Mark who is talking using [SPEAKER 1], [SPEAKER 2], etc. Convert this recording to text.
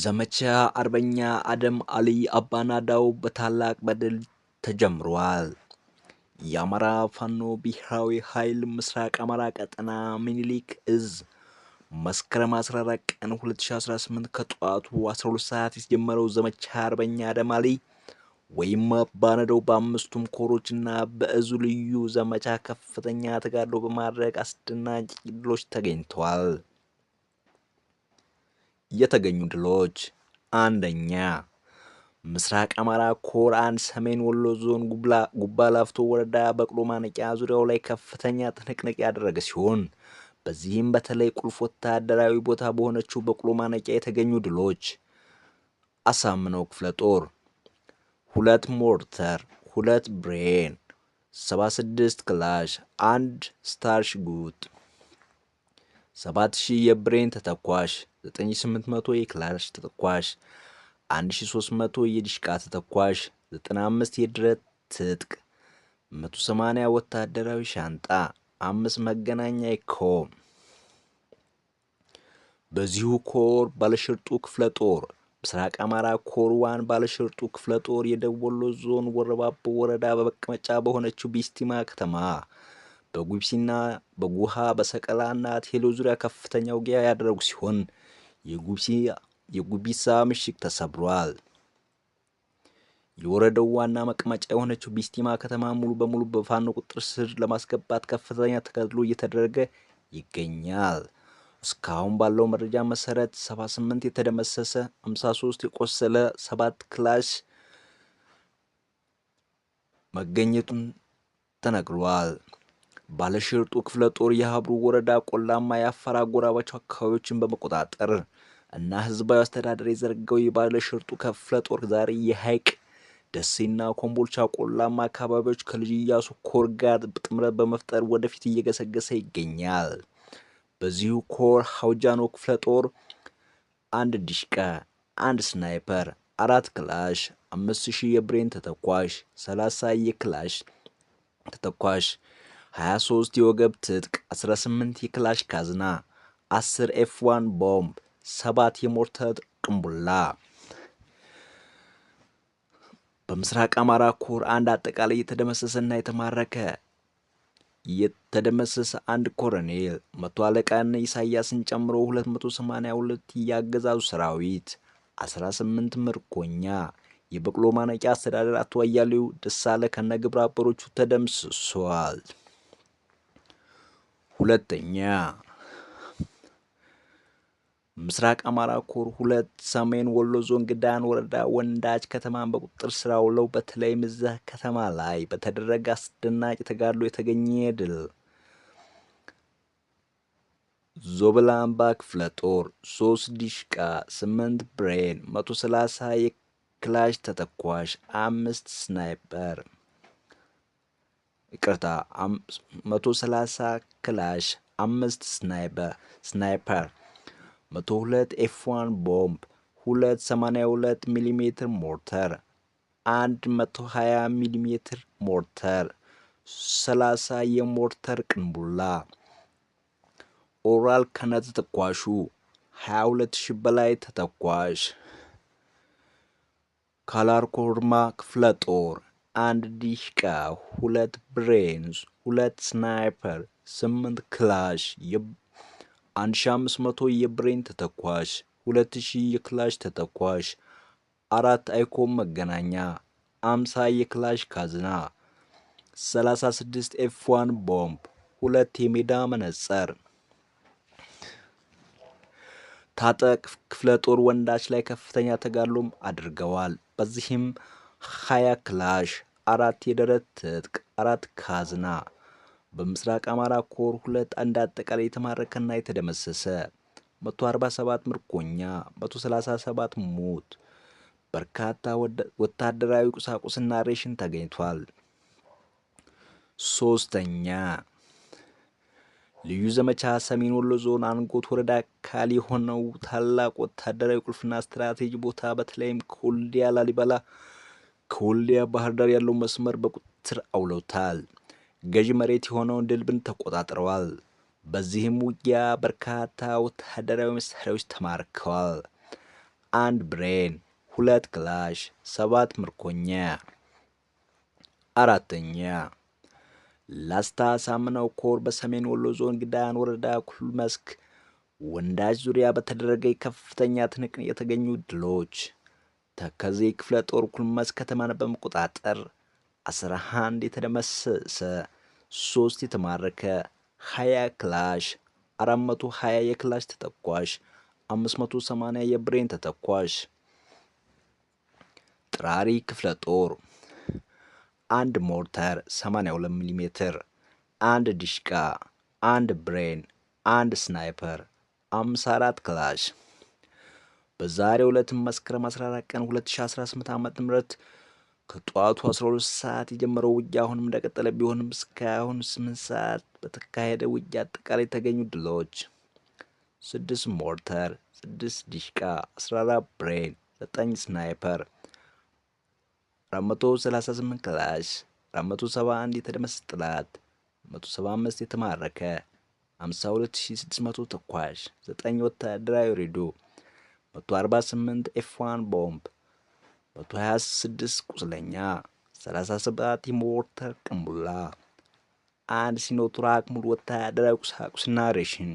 [SPEAKER 1] ዘመቻ አርበኛ አደም አሊ አባናዳው በታላቅ በድል ተጀምሯል። የአማራ ፋኖ ብሔራዊ ኃይል ምስራቅ አማራ ቀጠና ሚኒሊክ እዝ መስከረም 14 ቀን 2018 ከጠዋቱ 12 ሰዓት የተጀመረው ዘመቻ አርበኛ አደም አሊ ወይም አባናዳው በአምስቱም ኮሮችና በእዙ ልዩ ዘመቻ ከፍተኛ ተጋድሎ በማድረግ አስደናቂ ድሎች ተገኝተዋል። የተገኙ ድሎች አንደኛ ምስራቅ አማራ ኮር አንድ ሰሜን ወሎ ዞን ጉባ ላፍቶ ወረዳ በቅሎ ማነቂያ ዙሪያው ላይ ከፍተኛ ትንቅንቅ ያደረገ ሲሆን በዚህም በተለይ ቁልፍ ወታደራዊ ቦታ በሆነችው በቅሎ ማነቂያ የተገኙ ድሎች አሳምነው ክፍለ ጦር ሁለት ሞርተር፣ ሁለት ብሬን፣ 76 ክላሽ፣ አንድ ስታር ሽጉጥ፣ 7000 የብሬን ተተኳሽ 9800 የክላሽ ተተኳሽ፣ 1300 የዲሽቃ ተተኳሽ፣ 95 የድረት ትጥቅ፣ 180 ወታደራዊ ሻንጣ፣ 5 መገናኛ ኮም። በዚሁ ኮር ባለሽርጡ ክፍለ ጦር ምስራቅ አማራ ኮር ዋን ባለሽርጡ ክፍለ ጦር የደቡብ ወሎ ዞን ወረባቦ ወረዳ በመቀመጫ በሆነችው ቢስቲማ ከተማ በጉብሲና በጉሃ በሰቀላና ቴሎ ዙሪያ ከፍተኛ ውጊያ ያደረጉ ሲሆን የጉቢሳ ምሽግ ተሰብሯል። የወረደው ዋና መቀመጫ የሆነችው ቢስቲማ ከተማ ሙሉ በሙሉ በፋኖ ቁጥር ስር ለማስገባት ከፍተኛ ተጋድሎ እየተደረገ ይገኛል። እስካሁን ባለው መረጃ መሰረት 78 የተደመሰሰ፣ 53 የቆሰለ፣ 7 ክላሽ መገኘቱን ተነግሯል። ባለሽርጡ ክፍለ ጦር የሀብሩ ወረዳ ቆላማ የአፋር አጎራባች አካባቢዎችን በመቆጣጠር እና ህዝባዊ አስተዳደር የዘረጋው የባለሽርጡ ክፍለ ጦር ዛሬ የሀይቅ ደሴና ኮምቦልቻ ቆላማ አካባቢዎች ከልጅ እያሱ ኮር ጋር ጥምረት በመፍጠር ወደፊት እየገሰገሰ ይገኛል። በዚሁ ኮር ሀውጃኖ ክፍለ ጦር አንድ ዲሽቃ፣ አንድ ስናይፐር፣ አራት ክላሽ፣ አምስት ሺህ የብሬን ተተኳሽ፣ ሰላሳ የክላሽ ተተኳሽ 23 የወገብ ትጥቅ፣ 18 የክላሽ ካዝና፣ 10 ኤፍ1 ቦምብ፣ 7 የሞርተር ቅንቡላ። በምስራቅ አማራ ኮር አንድ አጠቃላይ የተደመሰሰና የተማረከ የተደመሰሰ አንድ ኮሎኔል መቶ አለቃና ኢሳያስን ጨምሮ 282 ያገዛዙ ሰራዊት 18 ምርኮኛ የበቅሎ ማነቂያ አስተዳደር አቶ አያሌው ደሳለ ከነ አበሮቹ ተደምስሷል። ሁለተኛ ምስራቅ አማራ ኮር ሁለት ሰሜን ወሎ ዞን ግዳን ወረዳ ወንዳጅ ከተማን በቁጥጥር ስር አውለው በተለይም እዛ ከተማ ላይ በተደረገ አስደናቂ ተጋድሎ የተገኘ ድል ዞብላ አምባ ክፍለ ጦር ሶስት ዲሽቃ ስምንት ብሬን መቶ ሰላሳ የክላሽ ተተኳሽ አምስት ስናይፐር ይቅርታ 130 ክላሽ፣ አምስት ስናይፐር ስናይፐር፣ 102 ኤፍ1 ቦምብ፣ 282 ሚሜ ሞርተር፣ 120 ሚሜ ሞርተር፣ 30 የሞርተር ቅንቡላ፣ ኦራል ከነት ተተኳሹ 22 ሺህ በላይ ተተኳሽ ካላርኮርማ ክፍለ ጦር አንድ ዲሽቃ፣ ሁለት ብሬንዝ፣ ሁለት ስናይፐር፣ ስምንት ክላሽ፣ አንድ ሺ አምስት መቶ የብሬን ተተኳሽ፣ ሁለት ሺ የክላሽ ተተኳሽ፣ አራት አይኮም መገናኛ፣ አምሳ የክላሽ ካዝና፣ ሰላሳ ስድስት ኤፍ ዋን ቦምብ፣ ሁለት የሜዳ መነጸር ታጠቅ ክፍለ ጦር ወንዳች ላይ ከፍተኛ ተጋድሎም አድርገዋል። በዚህም ሀያ ክላሽ፣ አራት የደረት ትጥቅ፣ አራት ካዝና በምስራቅ አማራ ኮር ሁለት አንድ አጠቃላይ የተማረከና የተደመሰሰ 147 ምርኮኛ 137 ሞት በርካታ ወታደራዊ ቁሳቁስና ሬሽን ተገኝቷል። ሶስተኛ ልዩ ዘመቻ ሰሜን ወሎ ዞን አንጎት ወረዳ አካል የሆነው ታላቅ ወታደራዊ ቁልፍና ስትራቴጂ ቦታ በተለይም ከወልዲያ ላሊበላ ከወልዲያ ባህር ዳር ያለው መስመር በቁጥጥር አውለውታል። ገዢ መሬት የሆነውን ድልብን ተቆጣጥረዋል። በዚህም ውጊያ በርካታ ወታደራዊ መሳሪያዎች ተማርከዋል። አንድ ብሬን፣ ሁለት ክላሽ፣ ሰባት ምርኮኛ። አራተኛ ላስታ ሳምናው ኮር በሰሜን ወሎ ዞን ግዳን ወረዳ ኩል መስክ ወንዳጅ ዙሪያ በተደረገ ከፍተኛ ትንቅንቅ የተገኙ ድሎች ተከዜ ክፍለ ጦር ኩልመስ ከተማን በመቆጣጠር 11 የተደመሰሰ፣ 3 የተማረከ፣ 20 ክላሽ፣ 420 የክላሽ ተተኳሽ፣ 580 የብሬን ተተኳሽ። ጥራሪ ክፍለ ጦር አንድ ሞርተር 82 ሚሊ ሜትር፣ አንድ ዲሽቃ፣ አንድ ብሬን፣ አንድ ስናይፐር፣ 54 ክላሽ በዛሬ ዕለት መስከረም 14 ቀን 2018 ዓ ም ከጠዋቱ 12 ሰዓት የጀመረው ውጊያ አሁንም እንደቀጠለ ቢሆንም እስካሁን 8 ሰዓት በተካሄደ ውጊያ አጠቃላይ የተገኙ ድሎች ስድስት ሞርተር፣ ስድስት ዲሽቃ፣ 14 ብሬን፣ 9 ስናይፐር፣ 438 ክላሽ፣ 471 የተደመሰሰ ጥላት፣ 175 የተማረከ፣ 52600 ተኳሽ፣ 9 ወታደራዊ ሬዲዮ 148 ኤፍ1 ቦምብ፣ 126 ቁስለኛ፣ 37 የሞርተር ቅንቡላ፣ አንድ ሲኖትራክ ሙሉ ወታደራዊ ቁሳቁስና ሬሽን